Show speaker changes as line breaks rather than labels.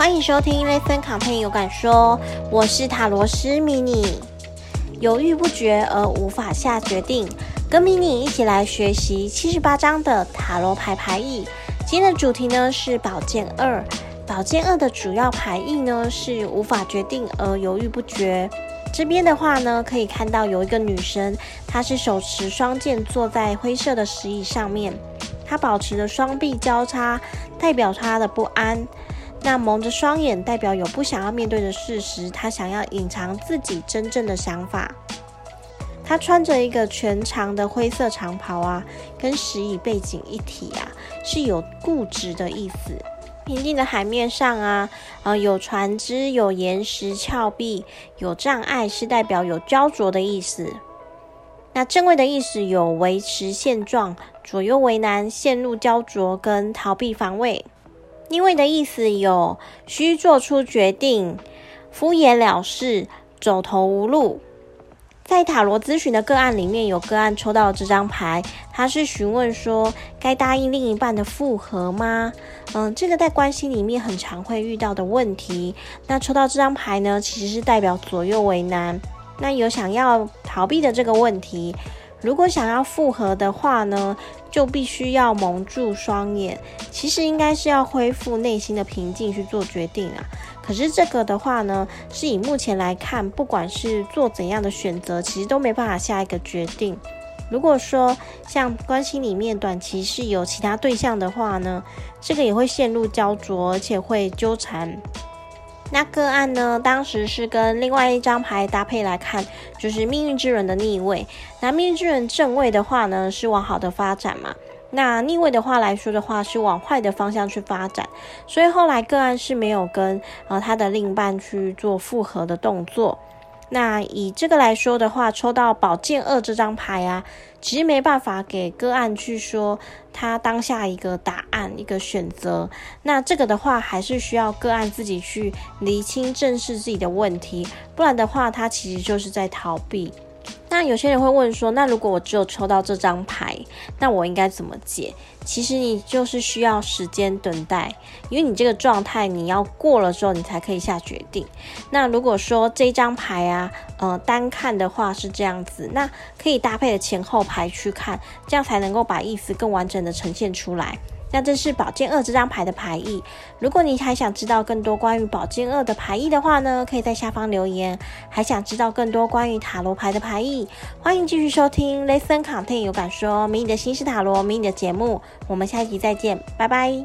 歡迎收聽《ListenContent 有感說》，我是塔羅師迷你。猶豫不決而無法下決定，跟迷你一起來學習七十八張的塔羅牌牌意。今天的主題呢是寶劍二，寶劍二的主要牌意呢是無法決定而猶豫不決。這邊的話呢，可以看到有一個女生，她是手持雙劍坐在灰色的石椅上面，她保持着雙臂交叉，代表她的不安。那蒙着雙眼代表有不想要面對的事實，他想要隱藏自己真正的想法。他穿着一個全長的灰色長袍啊，跟石椅背景一體啊，是有固執的意思。平靜的海面上啊，呃，有船只、有岩石峭壁、有障礙，是代表有焦灼的意思。那正位的意思有維持現狀、左右為難、陷入焦灼跟逃避防衛。逆位的意思有需做出決定、敷衍了事、走投無路。在塔羅諮詢的個案裡面，有個案抽到了這張牌，他是詢問說，該答應另一半的復合嗎？嗯，這個在關係裡面很常會遇到的問題。那抽到這張牌呢，其實是代表左右為難，那有想要逃避的這個問題。如果想要復合的話呢，就必須要蒙住雙眼。其實應該是要恢復內心的平靜去做決定啊。可是這個的話呢，是以目前來看，不管是做怎樣的選擇，其實都沒辦法下一個決定。如果說像關係裡面短期是有其他對象的話呢，這個也會陷入焦灼，而且會糾纏。那個案呢，當時是跟另外一張牌搭配來看，就是命運之輪的逆位。那命運之輪正位的話呢，是往好的發展嘛。那逆位的話來說的話，是往壞的方向去發展。所以後來個案是沒有跟呃他的另一半去做復合的動作。那以這個來說的話，抽到寶劍二這張牌啊，其實沒辦法給個案去說他當下一個答案、一個選擇。那這個的話，還是需要個案自己去釐清、正視自己的問題，不然的話，他其實就是在逃避。那有些人會問說，那如果我只有抽到這張牌，那我應該怎麼解？其實你就是需要時間等待，因為你這個狀態你要過了之後，你才可以下決定。那如果說這張牌啊，呃，單看的話是這樣子，那可以搭配的前後牌去看，這樣才能夠把意思更完整的呈現出來。那這是寶劍二這張牌的牌意。如果你還想知道更多關於寶劍二的牌意的話呢，可以在下方留言。還想知道更多關於塔羅牌的牌意，歡迎繼續收聽 Listen Content 有感說迷你的新式塔羅迷你的節目。我們下一集再見，拜拜。